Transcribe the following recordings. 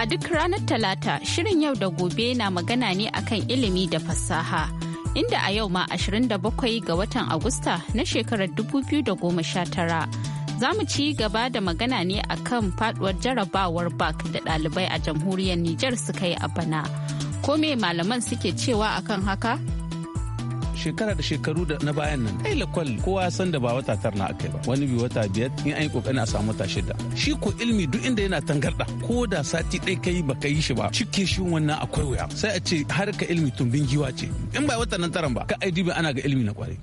A duk ranar Talata, shirin yau da gobe na magana ne akan ilimi da fasaha. Inda a yau ma 27 ga watan Agusta na shekarar 2019. za mu ci gaba da magana ne akan faduwar jarabawar bak da ɗalibai a jamhuriyar Nijar suka yi a bana. kome malaman suke cewa akan haka? shekara da shekaru da na bayan nan ai lakwal kowa san da ba wata tarna akai ba wani bi wata biyar in an yi kokarin a samu wata shida shi ko ilmi duk inda yana tangarda ko da sati ɗaya kai baka yi shi ba cike shi wannan akwai wuya sai a ce har harka ilimi tumbin giwa ce in ba wata nan taran ba ka ai ana ga ilimi na kwarai.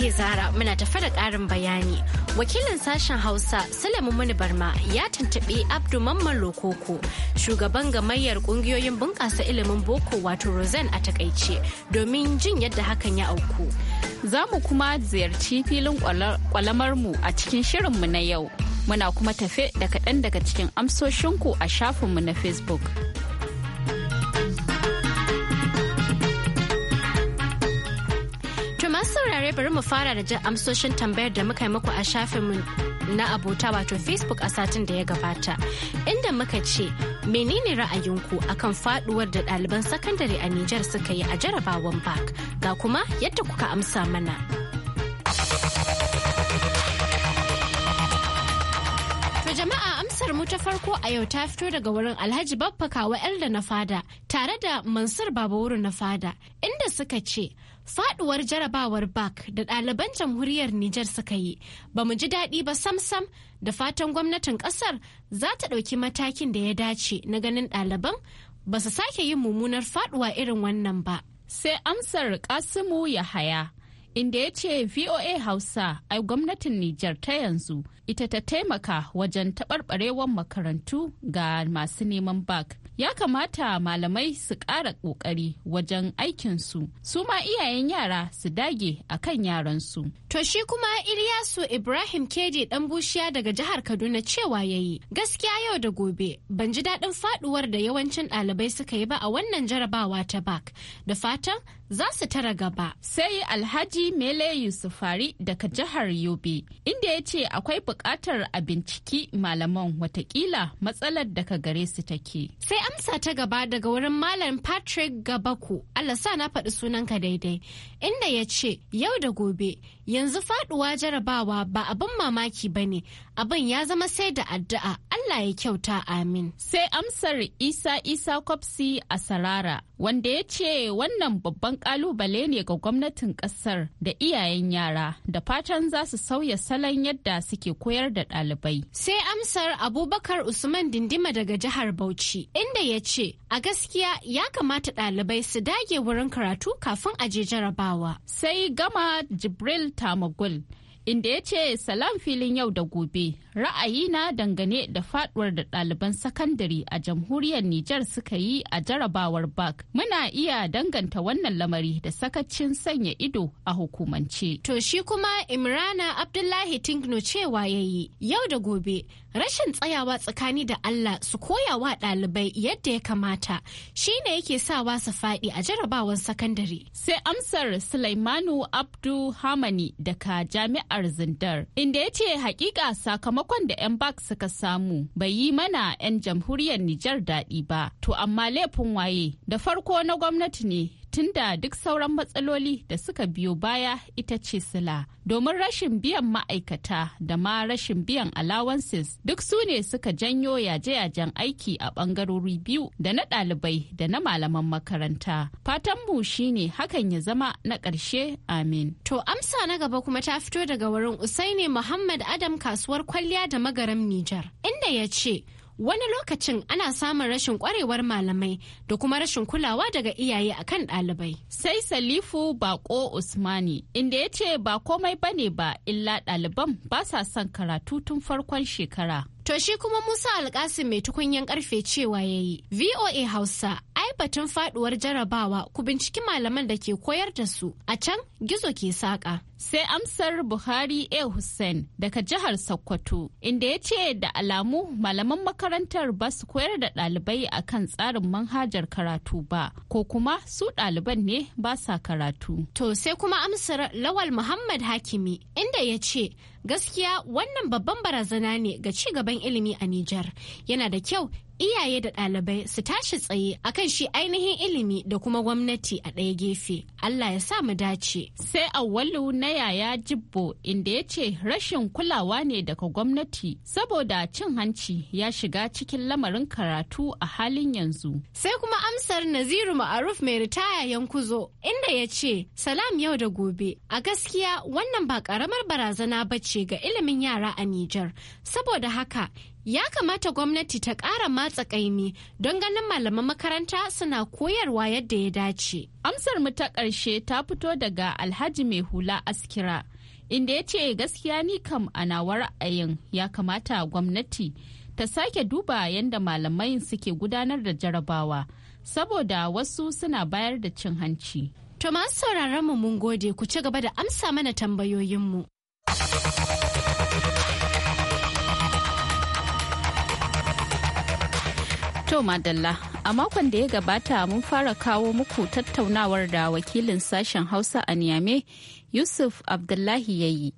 ke Zara muna tafa da ƙarin bayani. Wakilin sashen Hausa Salamu Muni Barma ya tuntuɓi Abdu Mamman Lokoko, shugaban gamayyar ƙungiyoyin bunƙasa ilimin boko wato Rosen a takaice domin jin yadda hakan ya auku. Za mu kuma ziyarci filin mu a cikin shirinmu na yau. Muna kuma tafe da kaɗan daga cikin amsoshinku a shafinmu na Facebook. Masu saurare bari mu fara da jin amsoshin tambayar da muka yi muku a shafinmu na abota wato Facebook a satin da ya gabata. Inda muka ce, menene ra'ayinku akan faduwar da ɗaliban sakandare a Nijar suka yi a jarabawan bak Ga kuma yadda kuka amsa mana. jama'a amsar mu ta farko a yau ta fito daga wurin alhaji babba kawa da na fada tare da mansur babawuru na fada inda suka ce faduwar jarabawar bak da ɗaliban jamhuriyar Nijar suka yi ba mu ji daɗi ba samsam da fatan gwamnatin ƙasar za ta ɗauki matakin da ya dace na ganin ɗaliban ba su sake yin mummunar faduwa irin wannan ba. Sai amsar Kasimu Yahaya inda ya ce VOA Hausa ai gwamnatin Nijar ta yanzu ita ta taimaka wajen taɓarɓarewar makarantu ga masu neman bak. Ya kamata malamai su ƙara ƙoƙari wajen aikinsu, su ma iyayen yara su dage a kan yaransu. To shi kuma Ilyasu Ibrahim Keji ɗan bushiya daga jihar Kaduna cewa ya yi, gaskiya yau da gobe ban ji daɗin faɗuwar da yawancin ɗalibai suka yi ba a wannan jarabawa ta bak. Da fatan za su tara gaba. Sai Alhaji Mele Yusufari daga jihar Yobe, inda ya ce akwai buƙatar a binciki malaman watakila matsalar daga gare su take. Sai amsa ta gaba daga wurin Malam Patrick Gabaku, Allah sa na faɗi sunanka daidai, inda ya ce yau da gobe yanzu faɗuwa jarabawa ba abin mamaki ba ne, abin ya zama sai da addu'a Allah ya kyauta amin. Sai amsar Isa Isa kwabsi a Sarara, wanda ya ce wannan babban ƙalubale ne ga gwamnatin ƙasar da iyayen yara da fatan za su sauya salon yadda suke koyar da ɗalibai. Sai amsar Abubakar Usman Dindima daga jihar Bauchi inda ya ce a gaskiya ya kamata ɗalibai su dage wurin karatu kafin a je jarabawa. Sai gama Jibril Tamagul inda ya ce salam filin yau da gobe ra'ayina dangane da faduwar da ɗaliban sakandare a jamhuriyar Nijar suka yi a jarabawar Bak. Muna iya danganta wannan lamari da sakacin sanya ido a hukumance. To shi kuma Imrana Abdullahi Tingno cewa ya yi yau da gobe rashin tsayawa tsakani da Allah su koya wa ɗalibai yadda ya kamata shi ne yake sawa su faɗi a jarabawar sakandare. Sai amsar Sulaimanu Abdu Hamani daga jami'ar Zindar inda ya ce hakika sakamakon sakamakon da 'yan bak suka samu bai yi mana 'yan jamhuriyar Nijar daɗi ba. To amma laifin waye da farko na gwamnati ne tunda duk sauran matsaloli da suka biyo baya ita ce sila domin rashin biyan ma'aikata da ma rashin biyan allowances duk su ne suka janyo yaje-yajen aiki a bangarori biyu da na ɗalibai da na malaman makaranta fatanmu shine hakan ya zama na ƙarshe amin to amsa na gaba kuma ta fito daga wurin usaini muhammad adam kasuwar kwalliya da magaram nijar inda ya ce Wani lokacin ana samun rashin kwarewar malamai da kuma rashin kulawa daga iyaye akan ɗalibai. Sai Salifu Bako Usmani inda ya ce ba komai bane ba illa ɗaliban ba sa son karatu tun farkon shekara. To shi kuma Musa Alkasim mai tukunyan karfe cewa ya yi. VOA Hausa batun faduwar jarabawa ku binciki malaman da ke koyar da su a can gizo ke saƙa. Sai amsar Buhari A. Hussein daga jihar Sokoto, inda ya ce da alamu malaman makarantar ba su koyar da ɗalibai a kan tsarin manhajar karatu ba, ko kuma su ɗaliban ne ba sa karatu. To sai kuma amsar Lawal Muhammad Hakimi, inda ya ce gaskiya wannan babban barazana ne ga ci gaban ilimi a Nijar. Yana da kyau iyaye da ɗalibai su tashi tsaye akan shi ainihin ilimi da kuma gwamnati a ɗaya gefe. Allah ya sa mu dace. Sai awwalu na yaya jibbo inda ya ce rashin kulawa ne daga gwamnati saboda cin hanci ya shiga cikin lamarin karatu a halin yanzu. Sai kuma amsar Naziru Ma'aruf mai ritaya yankuzo inda ya ce salam yau da gobe a gaskiya wannan ba karamar barazana bace ga ilimin yara a Nijar saboda haka Ya kamata gwamnati ta ƙara matsa ƙaimi don ganin malaman makaranta suna koyarwa yadda ya dace. Amsar mu ta ƙarshe ta fito daga Alhaji Mai Hula Askira, inda ya ce gaskiya ni kam a nawa ra'ayin ya kamata gwamnati ta sake duba yadda malamai suke gudanar da jarabawa, saboda wasu suna bayar da cin hanci. To masu sauraron mu mun gode ku ci gaba da amsa mana tambayoyinmu. To Madalla, a makon da ya gabata mun fara kawo muku tattaunawar da wakilin sashen Hausa a niyame Yusuf Abdullahi ya yi,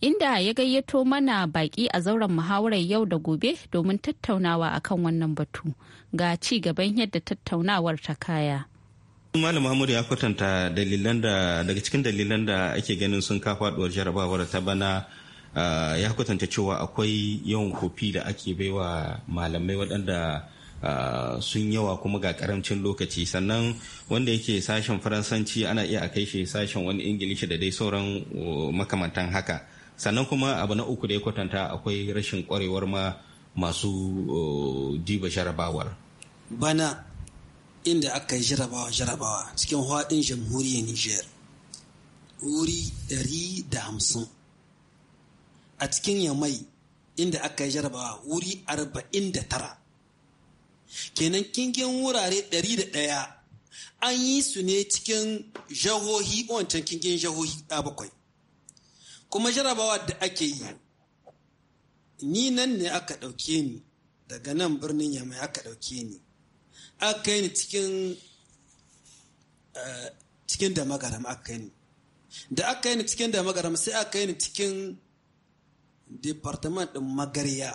inda ya gayyato mana baƙi a zauren muhawarar yau da gobe domin tattaunawa akan wannan batu ga ci gaban yadda tattaunawar ta kaya. Malam Muhammadu ya kwatanta dalilan da daga cikin dalilan da ake ganin sun kafaɗuwar jarabawar ta bana ah, ya kwatanta cewa akwai yawan kofi da ake baiwa malamai waɗanda sun yawa kuma ga karamcin lokaci sannan wanda yake sashen faransanci ana iya a kai shi sashen wani ingilishi da dai sauran makamantan haka sannan kuma abu na uku da ya kwatanta akwai rashin kwarewar ma masu diba jarabawar bana inda aka yi jarabawa jarabawa cikin haɗin jamhuriyar niger wuri 150 a cikin yamai inda aka yi jarabawa wuri da tara. kenan kingin wurare ɗari da ɗaya an yi su ne cikin jahohi wancan kingin jahohi ɗa bakwai kuma jarabawa da ake yi ni nan ne aka ɗauke ni daga nan birnin yamai aka ɗauke ni aka yi ni cikin eh, cikin da magaram aka yi ni da aka yi ni cikin da magaram sai aka yi ni cikin departament ɗin magariya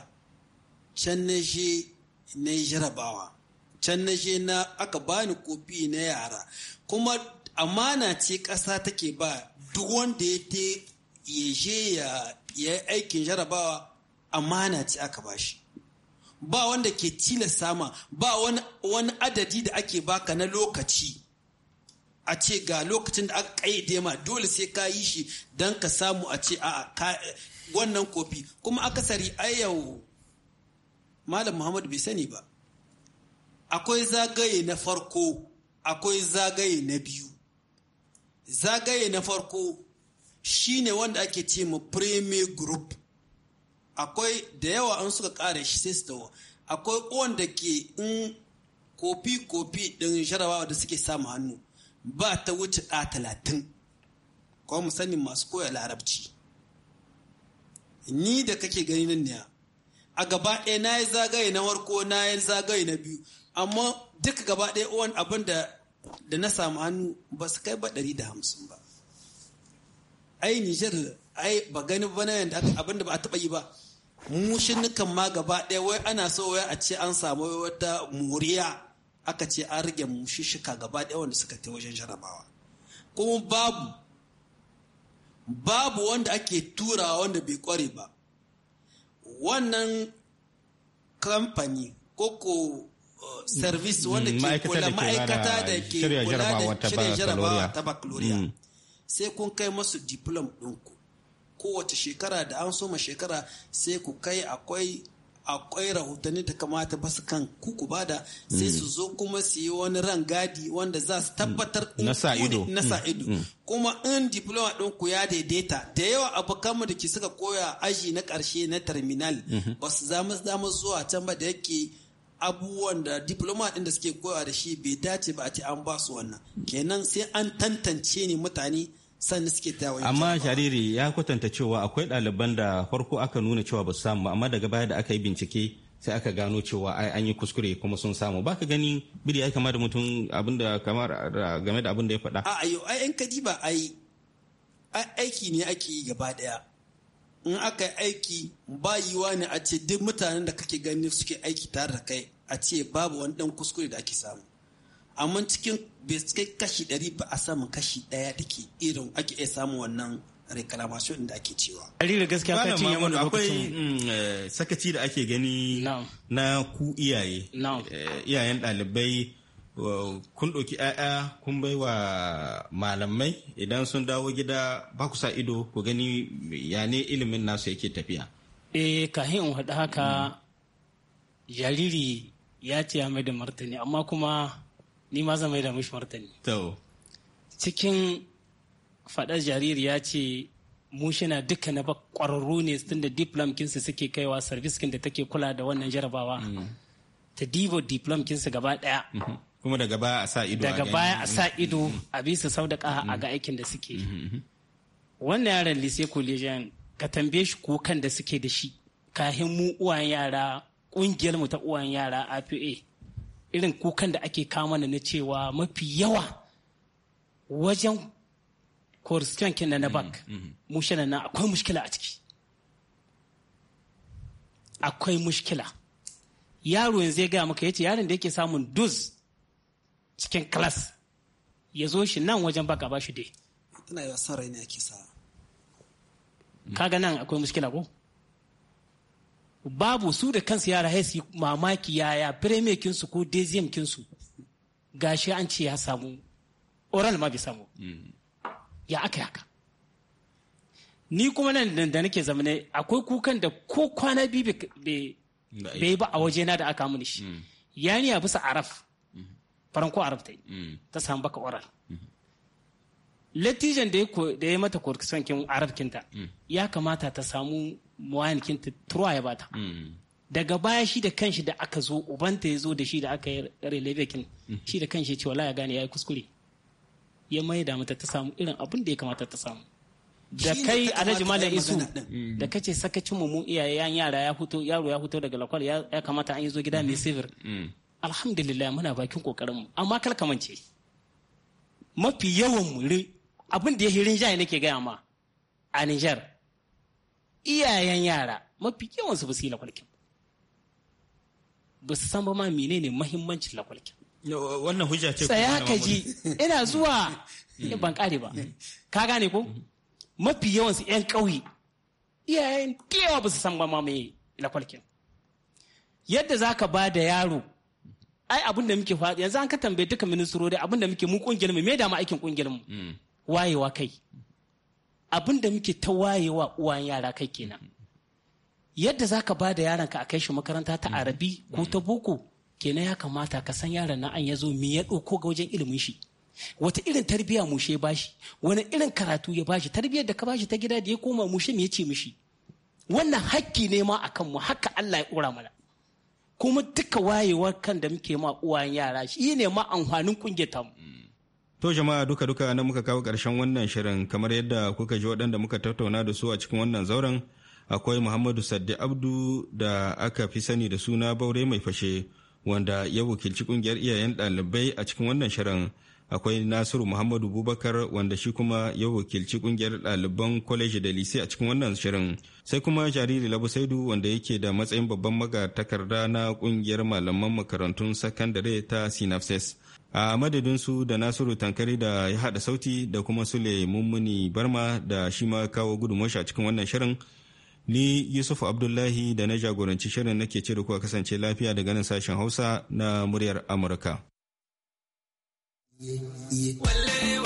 can na je. na yi jarabawa can na je na aka bani kofi na yara kuma amana ce ƙasa take ba duk wanda ya te ya je ya yi aikin jarabawa amana ce aka bashi ba wanda ke tila sama ba wani adadi da ake baka na lokaci a ce ga lokacin da aka kayyade ma dole sai ka yi shi don ka samu a ce a wannan kofi kuma akasari a yau malam muhammad bai sani ba akwai zagaye na farko akwai zagaye na biyu zagaye na farko shi ne wanda ake ce ma premier group akwai da yawa an suka kare shi sai su dawo akwai wanda ke in kofi-kofi ɗin jarabawa da suke samu hannu ba ta wuce ɗa talatin kuma mu sani masu koya larabci ni da kake gani nan ne a gaba ɗaya na yi zagaye na warko na yi zagaye na biyu amma duka gaba ɗaya uwan abin da na samu hannu ba su kai ba ɗari da hamsin ba ai nijar ai ba gani ba na yadda abin da ba a taɓa yi ba mushin nukan ma gaba ɗaya wai ana so wai a ce an samu wata moriya aka ce an rage mushishika gaba ɗaya wanda suka ta wajen jarabawa kuma babu babu wanda ake turawa wanda bai kware ba wannan kamfani ko ko uh, service mm, wanda ke kula ma'aikata da ke kula da shirya jarabawa ta bakaloriya mm. sai kun kai masu diplom ɗinku kowace shekara da an soma shekara sai ku kai akwai akwai rahotanni da kamata ba su kan kuku da sai su mm. zo kuma su yi wani rangadi wanda za su tabbatar mm. na sa ido mm. kuma in diploma ɗinku ya daidaita da yawa abokanmu da ke suka koya aji na karshe na terminal mm-hmm. ba su zama zuwa can ba da yake abubuwan da diploma ɗin da suke koya da shi bai dace ba a ce an ba su wannan kenan sai an tantance ne mutane sannan suke tawon amma jariri ya kwatanta cewa akwai ɗaliban da farko aka nuna cewa ba su samu amma daga baya da aka yi bincike sai aka gano cewa ai an yi kuskure kuma sun samu baka gani biri ai kama da mutum da kamar game da abin da ya faɗa a ayo ai kadi ba ai aiki ne ake yi gaba daya in aka yi aiki ba yiwa ne a ce duk mutanen da kake gani suke aiki tare da kai a ce babu wani dan kuskure da ake samu amma cikin bai kashi ɗari ba a samu kashi ɗaya da ke irin ake iya samun wannan reclamation da ake cewa. Alila gaskiya ka ce mana akwai mm, eh, sakaci da ake gani na ku iyaye. Eh, iyayen ɗalibai eh, kun ɗauki 'ya'ya kun bai wa malamai idan sun dawo gida ba ku sa ido ku gani ya ne ilimin nasu yake tafiya. Eh ka hin haɗa haka jariri ya ce ya mai da martani amma kuma ni ma zama mai da mishi martani to cikin faɗar jariri ya ce mu shina duka na ƙwararru ne tun da diplom kinsu suke kaiwa service kin da take kula da wannan jarabawa mm-hmm. ta divo diplom kinsu gaba ɗaya mm-hmm. kuma daga baya a sa ido daga baya a sa mm-hmm. ido a bisa sau da ƙaha a ga aikin da suke wannan yaran lise collegian ka tambaye shi kukan da suke da shi kahin mu uwan yara ƙungiyar mu ta uwan yara apa irin kukan da ake kama na cewa mafi yawa wajen koristiyan kenan na bank mm, mm. mu na akwai mushkila a ciki akwai mushkila yaro yanzu ya gaya maka ce yaron da yake samun dus cikin klas ya zo shi nan wajen baka ba shi dai tana yi son rai ne ake sa kaga nan akwai mushkila ko babu su da kansu yara haisi mamaki yaya premier kinsu ko dezim kinsu gashi an ce ya samu oral ma bai samu ya aka haka ni kuma nan da nake zama ne akwai kukan da ko kwana biyu bai ba a wajena da aka muni shi mm. ni a bisa araf mm. faranko araf ta yi mm. ta samu baka oral latijan da ya mata korkisan kin arafkinta ya kamata ta samu muwahil kinta turuwa ya bata mm. daga baya shi da kanshi da aka zo ubanta ya zo da shi da aka yi relevekin mm. shi da kanshi ce wala ya gane ya yi kuskure ya mai da mata ta samu irin abin da ya kamata ta samu da kai alhaji malam isu da kace sakacin mu iyaye yan yara ya fito yaro ya fito daga lakwal ya kamata an yi zo gida mai mm. sivir alhamdulillah muna bakin kokarin mu amma kalkamance mafi yawan mu abin da ya hirin jaye nake gaya ma a Nijar iyayen yara mafi yawansu ba su yi lakwalkin ba su san ba ma menene mahimmancin lakwalkin wannan hujja ce tsaya ka ji ina zuwa mm. ban kare ba mm. ka gane ko mm-hmm. mafi yawansu 'yan ƙauye iyayen yawa ba su san ba ma mai lakwalkin yadda za ka ba da yaro ai abin da muke faɗi yanzu an ka tambaye duka ministrori abin da muke mu kungiyar mu me da ma aikin kungiyar mu mm. wayewa kai abin da muke ta wayewa uwan yara kai kenan yadda za ka ba da yaranka a kai shi makaranta ta arabi ko ta boko kenan ya kamata ka san yaron na an ya zo me ya ɗauko ga wajen ilimin shi wata irin tarbiyya mushe ba shi wani irin karatu ya ba shi tarbiyyar da ka ba shi ta gida da ya koma mushe me ya ce mishi wannan hakki ne ma akan mu haka Allah ya ƙura mana kuma duka wayewar kan da muke ma uwan yara shi ne ma amfanin kungiyar mu To jama'a duka duka nan muka kawo ƙarshen wannan shirin kamar yadda kuka ji waɗanda muka tattauna da su a cikin wannan zauren akwai Muhammadu sadi Abdu da aka fi sani da suna Baure mai fashe wanda ya wakilci kungiyar iyayen ɗalibai a cikin wannan shirin akwai Nasiru Muhammadu Bubakar wanda shi kuma ya wakilci kungiyar ɗaliban kwaleji da lise a cikin wannan shirin sai kuma jariri Labu Saidu wanda yake da matsayin babban magatakarda na kungiyar malaman makarantun sakandare ta sinapses. a madadin su da nasiru tankari da ya hada sauti da kuma sule mummuni barma da shi ma kawo gudunmashi a cikin wannan shirin ni yusuf abdullahi da na jagoranci shirin nake ce da kuwa kasance lafiya daga nan sashen hausa na muryar amurka yeah, yeah.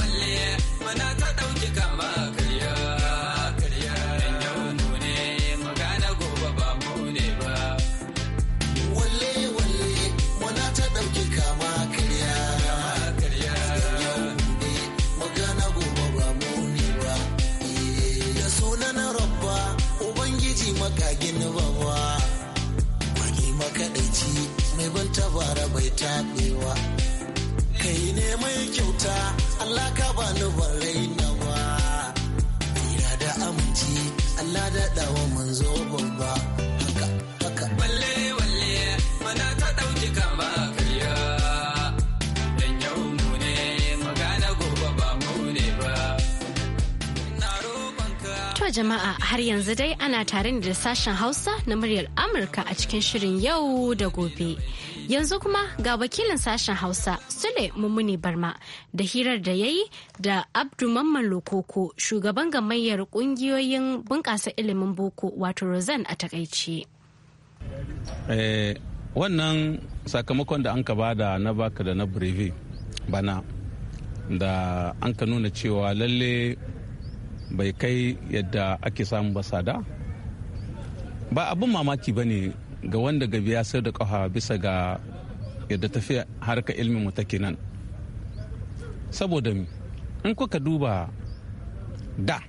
caɓewa kai ne mai kyauta Allah ka ba ni barai na ba ira da aminci Allah da dawo mun zo babba haka haka balle walle mana ta dauki ba kariya dan yau mu ne magana gobe ba mu ne ba na ka To jama'a har yanzu dai ana tare da sashen Hausa na muryar Amurka a cikin shirin yau da gobe. Yanzu kuma ga wakilin sashen Hausa Sule mumuni Barma da hirar da ya yi da Abdu Mamman Lokoko shugaban gamayyar kungiyoyin bunƙasa ilimin boko wato Rozan a takaice. Eh, wannan sakamakon da an ka bada na baka da na brevi bana da an ka nuna cewa lalle bai kai yadda ake samu ba sada ba abin mamaki ba ne ga wanda gabi ya sayar da kafa bisa ga yadda tafiya harka ilmin mu take nan saboda in kuka duba da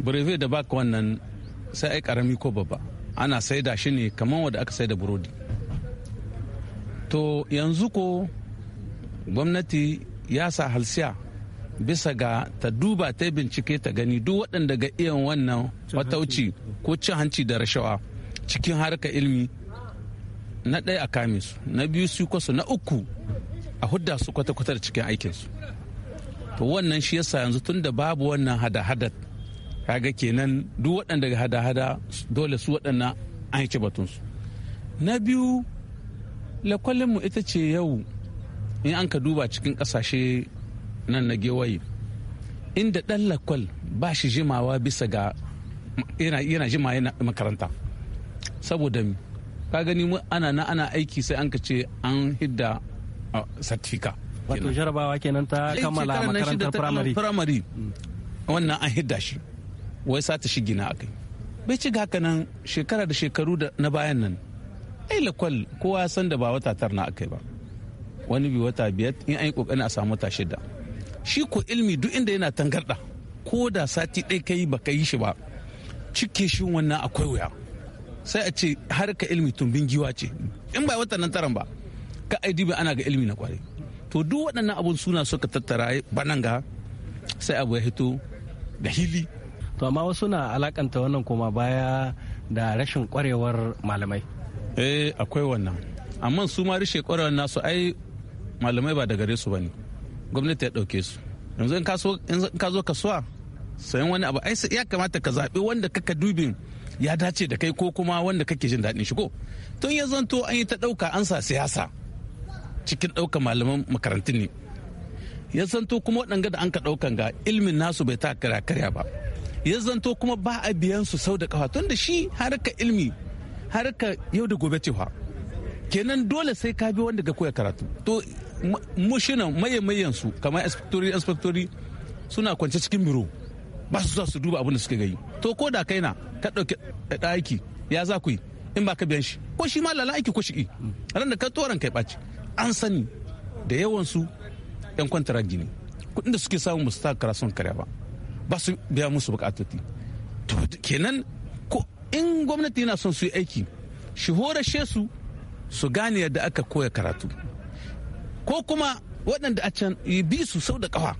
brevet da baka wannan sai ai karami ko babba ana saida shi ne kamar wanda aka saida burodi to yanzu ko gwamnati ya sa halsiya bisa ga ta duba ta bincike ta gani duk waɗanda ga iyan wannan matauci ko cin hanci da rashawa cikin harkar ilimi na ɗaya a kame su na biyu su kwasu na uku a hudda su kwata-kwata da cikin aikinsu to wannan shi yasa yanzu tun da babu wannan hada-hada kaga kenan duk waɗanda ga hada-hada dole su waɗannan an yi batunsu na biyu lakwalinmu ita ce yau in an ka duba cikin ƙasashe nan na gewaye inda ɗan lakwal ba shi jimawa bisa ga yana jima yana makaranta saboda ka gani mu ana na ana aiki sai an kace an hidda satifika wato jarabawa kenan ta kammala makarantar firamare mm. wannan an hidda shi wai sata shi gina akai bai ci haka nan shekara da shekaru da na bayan nan ai lakwal kowa san da ba wata na akai ba wani bi wata biyar in an yi kokarin a samu ta shida shi ko ilmi duk inda yana tangarda ko da sati ɗaya ka yi baka yi shi ba cike shi wannan akwai wuya sai a ce harka ilmi tumbin giwa ce in ba watan nan taran ba ka aidi ana ga ilmi na kwari to duk waɗannan abun suna suka tattara banan ga sai abu ya hito da hili to amma wasu na alakanta wannan koma baya da rashin kwarewar malamai eh akwai wannan amma su ma rishe kwarewar nasu ai malamai ba da gare su bane gwamnati ya dauke su yanzu in ka zo kasuwa sayan wani abu ai ya kamata ka zabi wanda kaka dubin ya dace da kai ko kuma wanda kake jin daɗin shigo. tun ya zanto an yi ta ɗauka an sa siyasa cikin ɗauka malaman makarantun ne ya zanto kuma waɗanga da an ka ɗaukan ga ilmin nasu bai ta karya karya ba ya zanto kuma ba a biyan su sau da kafa tun da shi harka ilmi harka yau da gobe cewa kenan dole sai ka bi wanda ga koya karatu to mushinan maye su kamar inspectori inspectori suna kwance cikin biro ba su su duba abin da suka gani to ko da kai na ka ɗauki eh, aiki ya za ku yi in ba ka biyan shi ko shi ma lala aiki ko shi ran da ka toran kai ɓaci an sani da yawan su yan kwantara gini kuɗin da suke samu musu takara karya ba ba su biya musu bukatoti to kenan ko in gwamnati yana son su yi aiki shi horashe su su gane yadda aka koya karatu ko kuma waɗanda a can bi su sau da ƙafa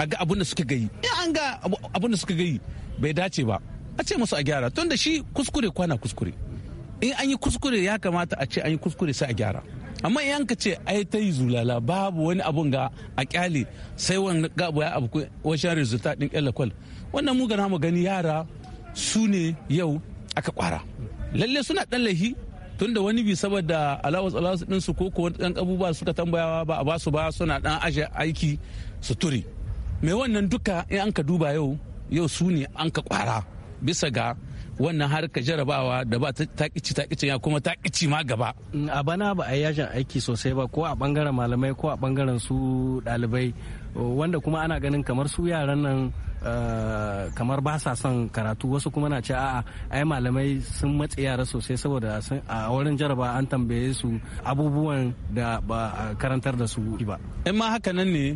a ga abin da suka gayi in an ga abin da suka gayi bai dace ba a ce musu a gyara tun da shi kuskure kwana kuskure in an yi kuskure ya kamata a ce an yi kuskure sai a gyara amma in ka ce ai ta yi zulala babu wani abun ga a kyale sai wani gabu ya abu wajen resultat din kwal wannan mu gana mu gani yara su ne yau aka kwara lalle suna dan lahi tun da wani bi saboda alawas alawas din su ko ko wani dan abubuwa suka tambayawa ba a basu ba suna dan aje aiki su ture mai wannan duka in an ka duba yau yau su ne an ka kwara bisa ga wannan harka jarabawa da ba ta kici ta kici ya kuma ta kici ma gaba a bana ba a yajin aiki sosai ba ko a bangaren malamai ko a bangaren su dalibai wanda kuma ana ganin kamar su yaran nan eh, kamar ba sa son karatu wasu kuma na ce a'a ai malamai sun matse yara sosai saboda a wurin jaraba an tambaye su abubuwan da ba karantar da su ba in ma haka nan ne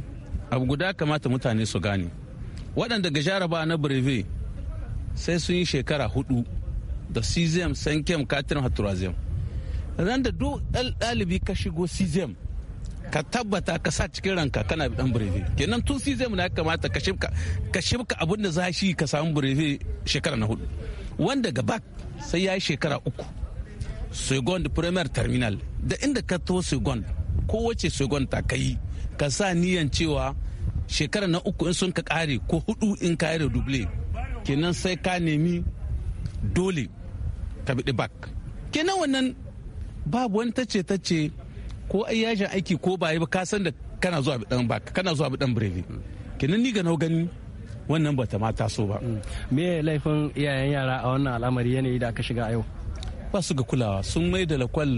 abu guda kamata mutane su gane waɗanda ga jaraba na breve sai sun yi shekara hudu da cesium sankem katin haturaziyam ran da duk ɗalibi ka shigo cesium ka tabbata ka sa cikin ranka kana dan breve kenan tun cesium na kamata ka shimka ka abin da za shi ka samu breve shekara na hudu wanda ga bak sai ya yi shekara uku second premier terminal da inda ka to second kowace second ta kai ka sa niyan cewa shekara na uku in sun ka kare ko hudu in ka yi duble kenan sai ka nemi dole ka biɗi bak kenan wannan babu wani tace tace ko ai yajin aiki ko ba ba ka san da kana zuwa dan bak kana zuwa dan brevi kenan ni ga nau gani wannan bata ma taso ba mm. me laifin iyayen yara a wannan al'amari yanayi da aka shiga a yau ba su ga kulawa sun mai da lakwal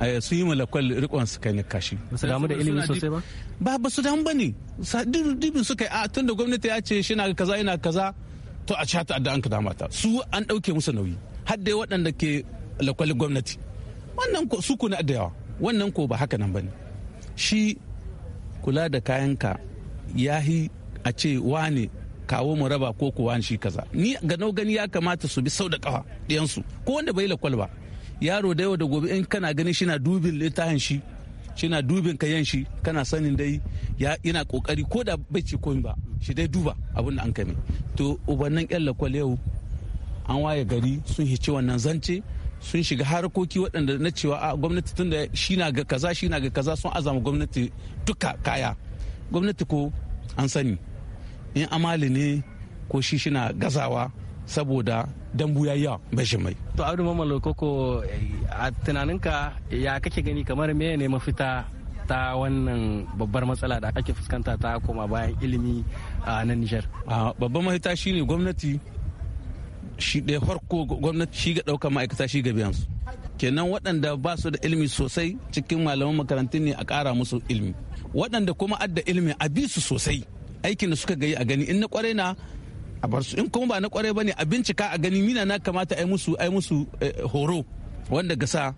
Eh, sun yi malakwal rikon su kai kashi ba su damu da ilimi sosai ba ba ba su damu ba ne dubin su kai a ah, tun da gwamnati ya ce shi na kaza yana kaza to a cata da an ka dama ta su an ɗauke musu nauyi har da waɗanda ke lakwalin gwamnati wannan ko su kuna da yawa wannan ko ba haka nan ba ne shi kula da kayanka ya yi a ce wane kawo mu raba ko kuwa shi kaza ni ga gani ya kamata su bi sau da ƙafa ɗiyansu ko wanda bai lakwal ba yaro da yau da gobe in kana ganin shi na dubin littafin shi shi na dubin kayan shi kana sanin dai ya ina kokari ko da bai ci komai ba shi dai duba abin da an kame to ubannin kyalla kwal yau an waye gari sun hice wannan zance sun shiga harkoki waɗanda na cewa a gwamnati tunda shi na ga kaza shi na ga kaza sun azama gwamnati duka kaya gwamnati ko an sani in amali ne ko shi na gazawa saboda dambu ya yawa bashin mai. To Abdu Mamman Lokoko a tunaninka ya kake gani kamar me ne mafita ta wannan babbar matsala da ake fuskanta ta koma bayan ilimi a nan Nijar. Babban mafita shi ne gwamnati shi da farko gwamnati shi ga ɗaukar ma'aikata shi ga biyansu. Kenan waɗanda ba su da ilimi sosai cikin malaman makarantu ne a ƙara musu ilimi. Waɗanda kuma adda ilimi a bi su sosai aikin da suka gayi a gani in na kwarai na a bar su in kuma ba na kwarai ne a bincika a gani mina na kamata ai musu ai musu eh, horo wanda gasa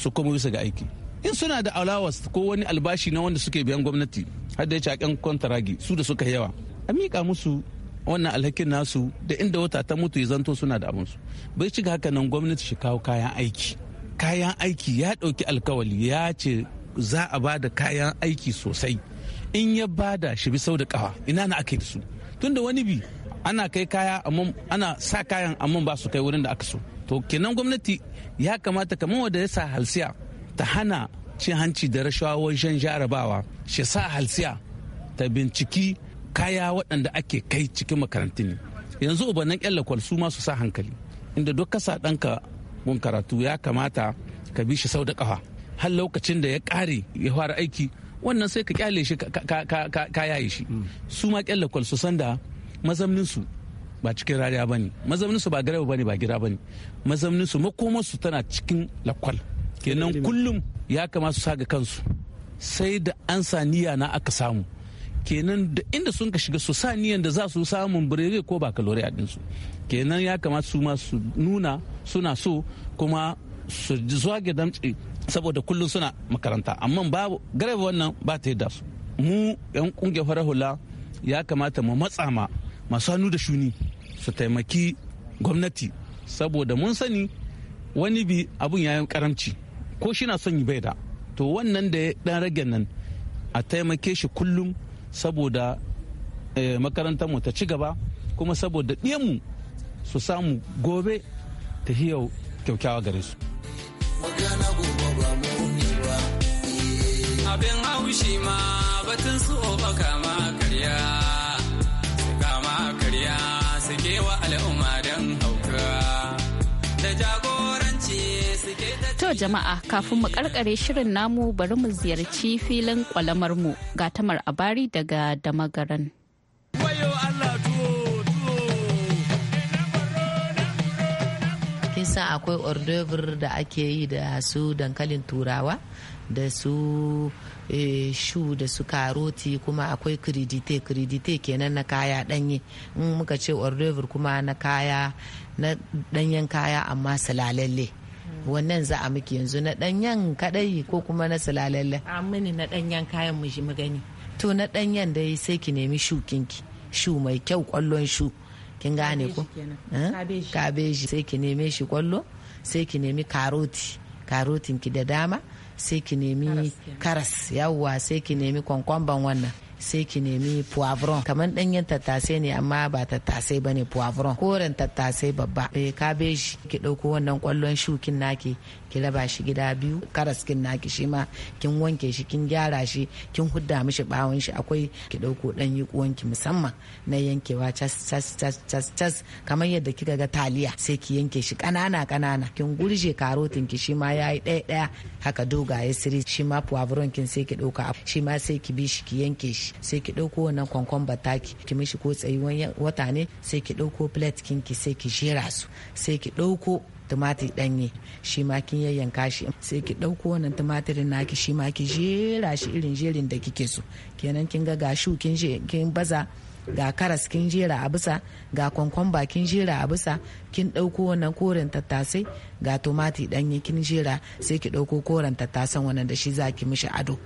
su kuma bisa ga aiki in suna da allowance ko wani albashi na wanda suke biyan gwamnati har da ya cakan kwantaragi su da suka yawa a mika musu wannan alhakin nasu da inda wata ta mutu ya zanto suna da abinsu bai ci haka nan gwamnati shi kawo kayan aiki kayan aiki ya ɗauki alkawali ya ce za a ba da kayan aiki sosai in ya bada shi bi sau da kawa ina na ake da su tunda wani bi ana kai kaya amma ana sa kayan amma ba su kai wurin da aka so to kenan gwamnati ya kamata kamar wanda ya sa halsiya ta hana cin hanci da rashawa wajen jarabawa shi sa halsiya ta binciki kaya waɗanda ake kai cikin ne yanzu ubannin yan kwal su ma su sa hankali inda duk kasa ɗanka gun karatu ya kamata ka bi shi sau da ƙafa har lokacin da ya ƙare ya fara aiki wannan sai ka kyale shi ka yaye shi mm. su ma ƙyan kwal su san da mazamninsu ba cikin rariya ba ne mazamninsu ba garaba ba ne ba gira ba ne mazamninsu makomarsu tana cikin lakwal kenan kullum ya kama su saga kansu sai da an saniya na aka samu kenan da inda sun ka shiga su saniyan da za su samun birere ko ba kalori a dinsu kenan ya kamata su ma su nuna suna so kuma su zage damtse saboda kullum suna makaranta amma babu garaba wannan ba ta yadda su mu yan kungiyar hula ya kamata mu matsa ma masu hannu da shuni su taimaki gwamnati saboda mun sani wani bi abun yayin karamci ko shi na son yi bai da to wannan da ya dan rage nan a taimake shi kullum saboda eh, makarantar mu ta ci gaba kuma saboda ɗiyanmu su samu gobe ta hiyau kyaukyawa gare su. Abin haushi ma batun su obaka ma karya. To jama'a kafin mu karkare shirin namu bari mu ziyarci filin kwalamar mu ga tamar abari daga damagaran. kin san akwai ordovir da ake yi da su dankalin turawa da su eh, shu da su karoti kuma akwai kiridite kiridite kenan na kaya danye in muka ce ordever kuma na kaya na danyen kaya amma salalalle hmm. wannan za a muke yanzu na danyen kadai ko kuma na salalalle. mini na danyen kayan mu mu gani to na danyen dai sai ki nemi shukinki shu mai kyau kwallon shu kin gane ko eh? kabeji sai ki neme shi kwallo sai ki nemi karoti karotin ki da dama sai ki nemi karas yawwa sai ki nemi kwankwan wannan sai ki nemi poivron kamar ɗanyen tattasai ne amma ba tattasai ne poivron koren tattasai babba eh kabeji ki ɗauko wannan ƙwallon shukin naki ki raba shi gida biyu karas kin naki shi ma kin wanke shi kin gyara shi kin hudda mishi bawon shi akwai ki ɗauko ɗan yi ki musamman na yankewa cas cas cas cas kamar yadda kika ga taliya sai ki yanke shi ƙanana ƙanana kin gurje karotin ki shi ma yayi ɗaya ɗaya haka dogaye siri shi ma poivron kin sai ki ɗauka. shi ma sai ki bi shi ki yanke shi sai ki ɗauko wannan kwankwan bataki ki mishi ko tsayi wata ne sai ki ɗauko plate kinki sai ki jera su sai ki ɗauko tumatir ɗanye shi ma kin yayyanka shi sai ki ɗauko wannan tumatirin naki shi ma ki jera shi irin jerin da kike so kenan kin ga gashu kin baza ga karas kin jera a bisa ga kwankwamba kin jera a bisa kin ɗauko wannan koren tattasai ga tumatir ɗanye kin jera sai ki ɗauko koren tattasan wannan da shi za ki mishi ado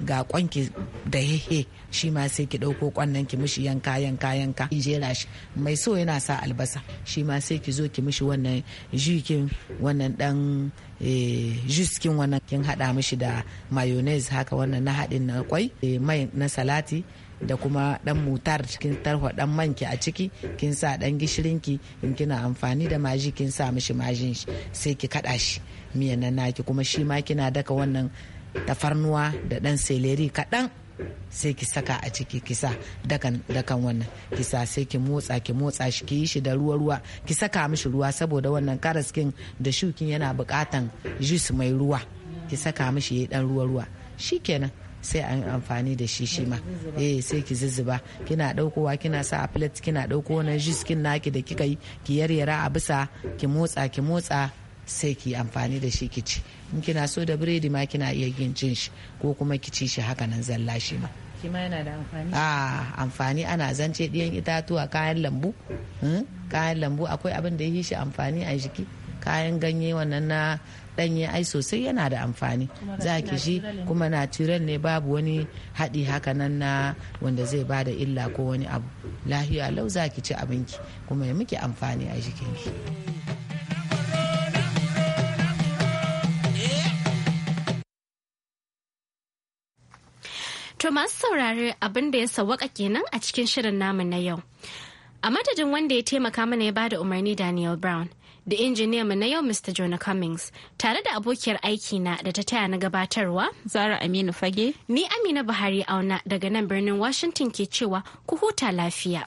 ga kwanki da hehe shi ma sai ki ɗauko kwannan ki mishi yanka yanka yanka in jera shi mai so yana sa albasa shi ma sai ki zo ki mishi wannan jikin wannan dan eh, jiskin wannan kin haɗa mishi da mayonnaise haka wannan na haɗin na kwai eh, mai na salati da kuma dan mutar kin tarho dan manki a ciki kin sa dan gishirinki in kina amfani da maji kin sa mishi majin shi sai ki kada shi miyan nan naki kuma shi ma kina daka wannan tafarnuwa da ɗan seleri kaɗan sai ki saka a ciki kisa dakan dakan wannan kisa sai ki motsa ki motsa shi ki yi shi da ruwa ruwa ki saka mishi ruwa saboda wannan karaskin da shukin yana bukatan jus mai ruwa ki saka mishi ya dan ruwa ruwa shikenan sai an amfani da shi shi ma eh sai ki zuzzuba kina daukowa kina sa a plate kina dauko wannan jus kin naki da kika yi ki yaryara a bisa ki motsa ki motsa sai ki amfani da shi kici in kina so da biredi ma kina iya yin cin shi ko kuma ki ci shi haka nan zalla shi ma yana da amfani ana zance ɗiyan itatuwa kayan lambu hmm? kayan lambu akwai abin da ya yi shi amfani a jiki kayan ganye wannan na ɗanye ai sosai yana da amfani za ki shi kuma natural ne babu wani haɗi haka nan na wanda zai bada illa ko wani abu lahiya lau za ki ci abinki kuma ya muke amfani a jikinki. To masu saurare abin da ya sawaka kenan a cikin shirin namu na yau. A madadin wanda ya taimaka mana ya ba da umarni Daniel Brown. da injiniyan mu na yau Mr. Jonah Cummings tare da abokiyar aiki na da ta taya na gabatarwa Zara Aminu Fage ni Amina Buhari auna daga nan birnin Washington ke cewa ku huta lafiya.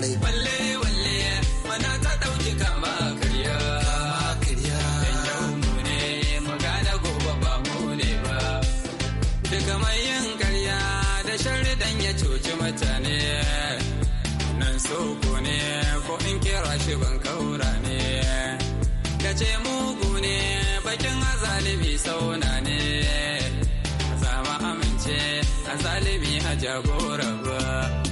kwarai walle walle mana ta dauki kama karya karya yau mu ne mu gobe ba mu ne ba duka mai yin karya da sharri dan ya cuci mutane nan soko ne ko in kira shi ban kaura ne ka ce mugu ne bakin azalibi sauna ne zama amince azalibi a jagora ba